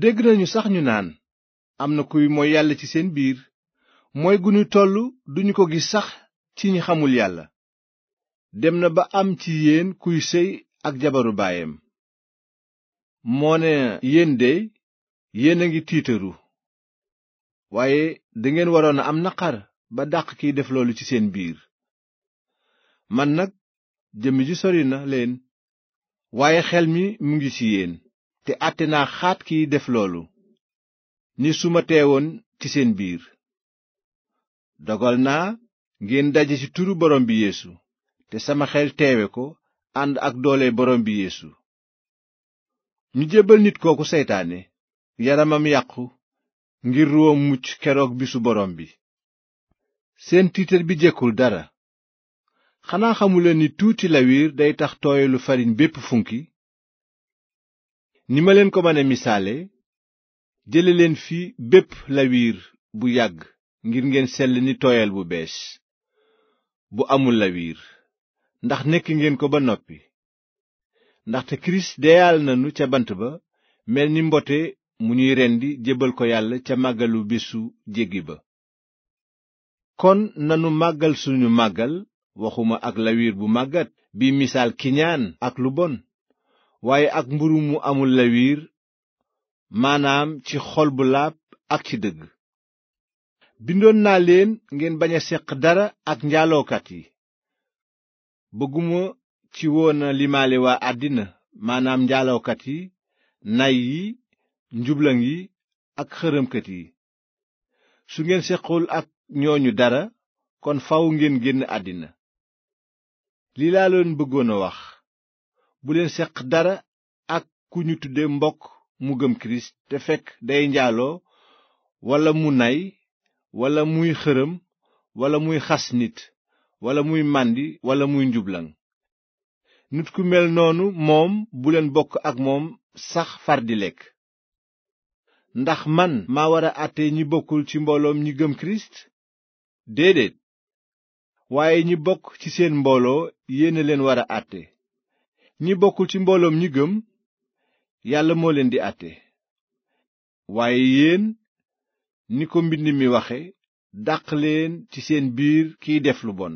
dégg nañu sax ñu naan am na kuy moy yàlla ci seen biir mooy gu ñu toll duñu ko gis sax ci ñi xamul yàlla dem na ba am ci yéen kuy séy ak jabaru baayam moo ne yéen de yéen a ngi tiitaru waaye dangeen waroon a am naqar ba dàq kiy def loolu ci seen biir man nag jëmm ji sori na leen waaye xel mi mu ngi ci yéen te àtte na xaat kiy def loolu ni su ma teewoon ci seen biir dogal naa ngeen daje ci turu borom bi yéesu te sama xel teewe ko ànd ak doole borom bi yeesu ñu jébbal nit kooku seytaane yaramam yàqu ngir ruwam mucc keroog bisu borom bi seen tiitar bi jekkul dara xanaa xamuleen ni tuuti lawiir day tax tooyalu farine bépp funki ni ma leen ko mën a misaale jële leen fi bépp lawiir bu yàgg ngir ngeen sell ni tooyal bu bees bu amul lawiir ndax nekk ngeen ko ba noppi ndaxte kirist deyaal nanu ca bant ba mel ni mbote mu ñuy rendi jébbal ko yàlla ca màggalu bésu jéggi ba kon nanu màggal suñu màggal waxuma ak lawiir bu màggat bi misaal kiñaan ak lu bon waaye ak mburu mu amul lawiir maanaam ci xol bu laab ak ci dëgg bindoon naa leen ngeen bañ a seq dara ak njaalookat yi bëgguma ci woon a limaale waa àddina maanaam njaalookat yi nay yi njublaŋ yi ak xërëmkat yi su ngeen sequl ak ñooñu dara kon faw ngeen génn àddina li laa leen bëggoon a wax bu leen seq dara ak ku ñu tuddee mbokk mu gëm kirist te fekk day njaaloo walla mu nay walla muy xërëm walla muy xas nit walla muy màndi walla muy njublan nit ku mel noonu moom bu leen bokk ak moom sax far di lekk ndax man maa war a àtte ñi bokkul ci mbooloom ñi gëm kirist déedéet waaye ñi bokk ci seen mbooloo yéena leen war a àtte ñi bokkul ci mbooloom ñi gëm yàlla moo leen di àtte waaye yéen ni ko mbind mi waxe dàq leen ci seen biir kiy def lu bon